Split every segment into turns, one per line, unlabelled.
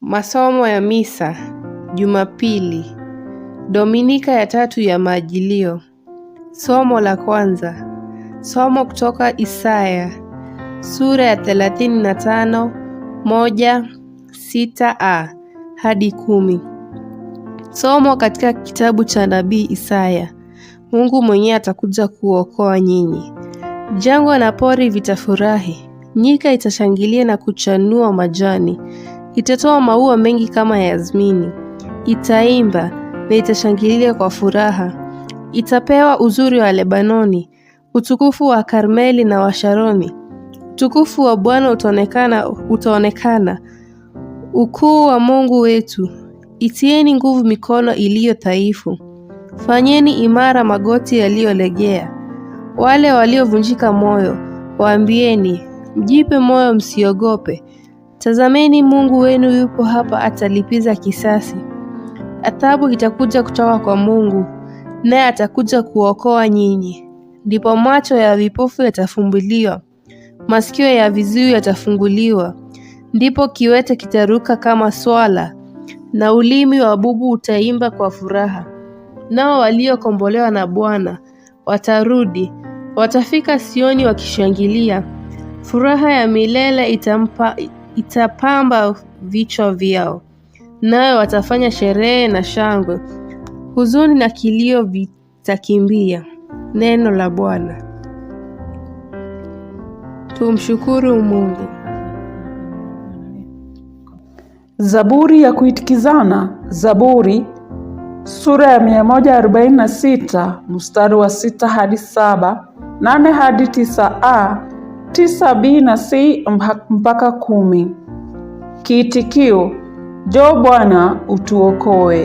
Masomo ya Misa Jumapili, Dominika ya tatu ya Majilio. Somo la kwanza, somo kutoka Isaya sura ya 35 1 6a hadi kumi. Somo katika kitabu cha nabii Isaya. Mungu mwenyewe atakuja kuokoa nyinyi. Jangwa na pori vitafurahi, nyika itashangilia na kuchanua majani Itatoa maua mengi kama yasmini, itaimba na itashangilia kwa furaha. Itapewa uzuri wa Lebanoni, utukufu wa Karmeli na washaroni Utukufu wa Bwana utaonekana, utaonekana ukuu wa Mungu wetu. Itieni nguvu mikono iliyo dhaifu, fanyeni imara magoti yaliyolegea. Wale waliovunjika moyo waambieni, mjipe moyo, msiogope. Tazameni Mungu wenu yupo hapa, atalipiza kisasi. Adhabu itakuja kutoka kwa Mungu, naye atakuja kuokoa nyinyi. Ndipo macho ya vipofu yatafumbuliwa, masikio ya viziwi yatafunguliwa. Ndipo kiwete kitaruka kama swala, na ulimi wa bubu utaimba kwa furaha. Nao waliokombolewa na Bwana watarudi, watafika Sioni wakishangilia. Furaha ya milele itampa itapamba vichwa vyao, nayo watafanya sherehe na shangwe, huzuni na kilio vitakimbia. Neno la Bwana. Tumshukuru Mungu.
Zaburi ya kuitikizana, Zaburi sura ya 146 mstari wa 6 hadi 7 8 hadi 9 a tisa b na c mpaka kumi. Kiitikio: Jo Bwana utuokoe,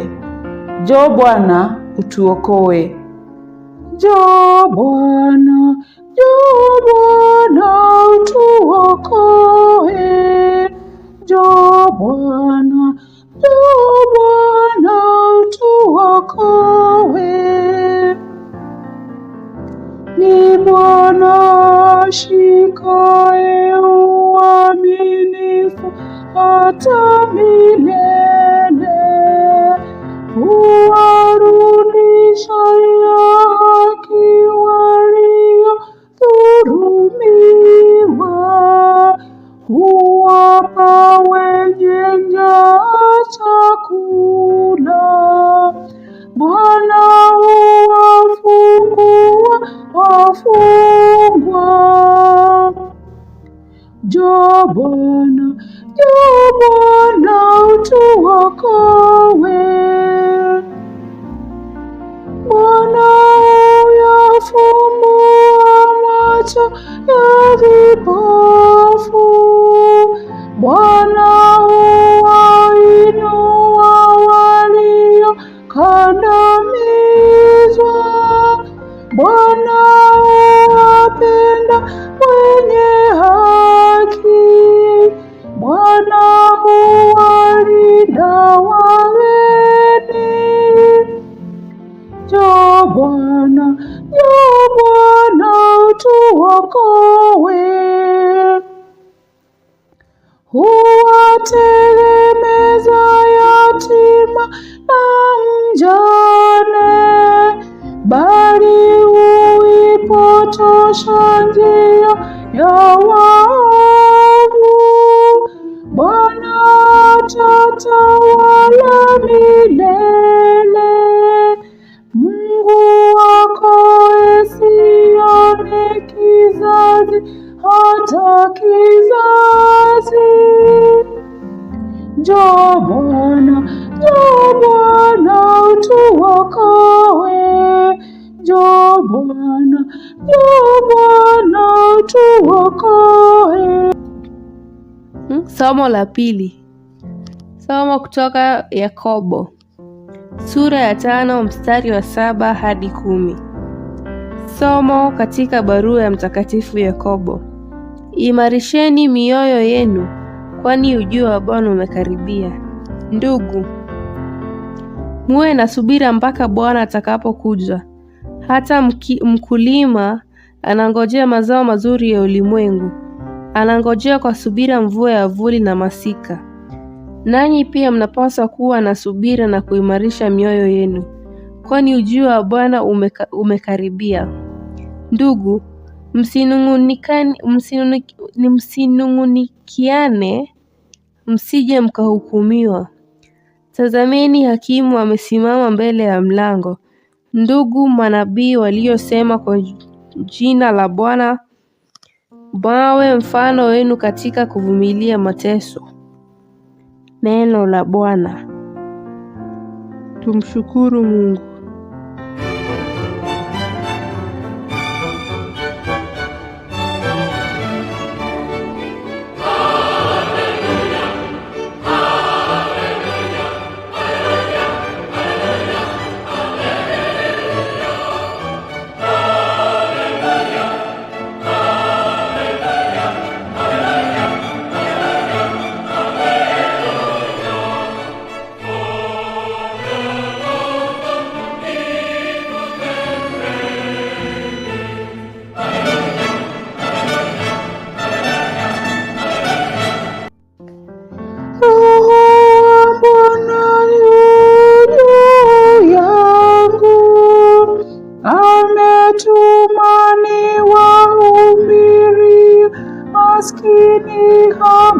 Jo Bwana utuokoe, Jo Bwana, Jo Bwana utuokoe, Jo Bwana, Jo Bwana utuokoe ashikaye uaminifu hata milele, huwarudisha yake Bwana, njoo Bwana utuokoe. Bwana huyafumbua macho ya vipofu. Bwana usidhane, bali uipotosha njia ya waovu. Bwana atatawala milele. uokoe.
Hmm? Somo la pili. Somo kutoka Yakobo sura ya tano mstari wa saba hadi kumi. Somo katika barua ya Mtakatifu Yakobo. Imarisheni mioyo yenu, kwani ujio wa Bwana umekaribia. Ndugu, muwe na subira mpaka Bwana atakapokuja. Hata mki, mkulima Anangojea mazao mazuri ya ulimwengu, anangojea kwa subira mvua ya vuli na masika. Nanyi pia mnapaswa kuwa na subira na kuimarisha mioyo yenu, kwani ujio wa Bwana umeka, umekaribia. Ndugu, msinung'unikiane, msije mkahukumiwa. Tazameni, hakimu amesimama mbele ya mlango. Ndugu manabii waliosema kwa jina la Bwana mawe mfano wenu katika kuvumilia mateso. Neno la Bwana. Tumshukuru Mungu.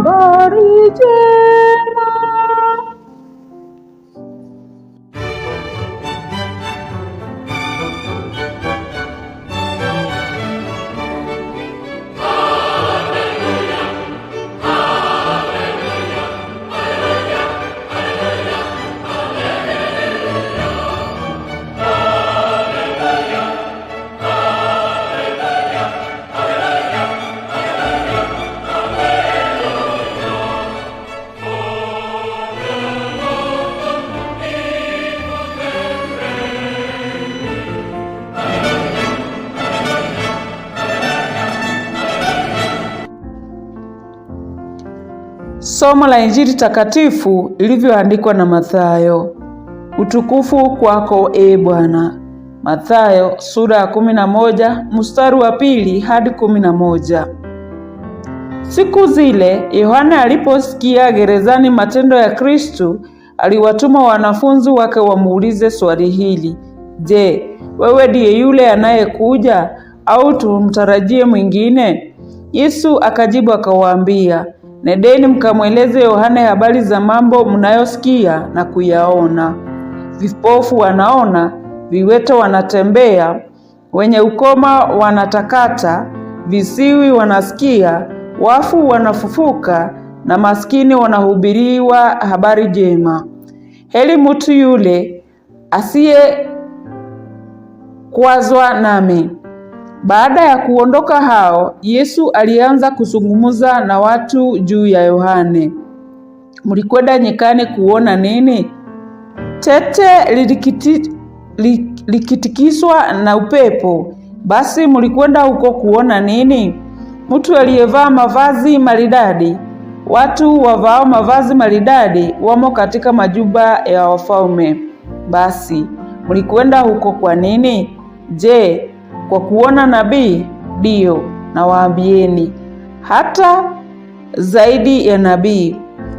বাড়ি যে
Somo la Injili takatifu ilivyoandikwa na Mathayo. Utukufu kwako e Bwana. Mathayo sura ya kumi na moja mstari wa pili hadi kumi na moja. Siku zile Yohana aliposikia gerezani matendo ya Kristu, aliwatuma wanafunzi wake wamuulize swali hili: Je, wewe ndiye yule anayekuja au tumtarajie mwingine? Yesu akajibu akawaambia Nendeni mkamweleze Yohane habari za mambo mnayosikia na kuyaona: vipofu wanaona, viwete wanatembea, wenye ukoma wanatakata, visiwi wanasikia, wafu wanafufuka, na maskini wanahubiriwa habari njema. Heri mutu yule asiyekwazwa nami. Baada ya kuondoka hao, Yesu alianza kuzungumza na watu juu ya Yohane. Mlikwenda nyikani kuona nini? Tete lilikiti, likitikiswa na upepo? Basi mlikwenda huko kuona nini? Mtu aliyevaa mavazi maridadi? Watu wavao mavazi maridadi wamo katika majumba ya wafalme. Basi mlikwenda huko kwa nini? Je, kwa kuona nabii? Ndiyo, nawaambieni hata zaidi ya nabii.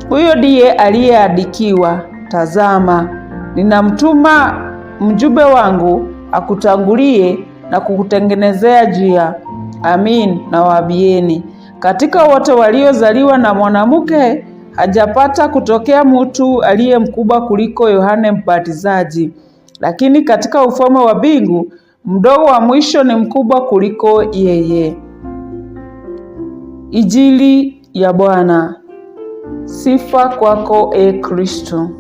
Huyo ndiye aliyeandikiwa, tazama, ninamtuma mjumbe wangu akutangulie na kukutengenezea njia. Amin, nawaambieni katika wote waliozaliwa na mwanamke hajapata kutokea mtu aliye mkubwa kuliko Yohane Mbatizaji, lakini katika ufalme wa mbingu Mdogo wa mwisho ni mkubwa kuliko yeye. ijili ya Bwana. Sifa kwako, e Kristo.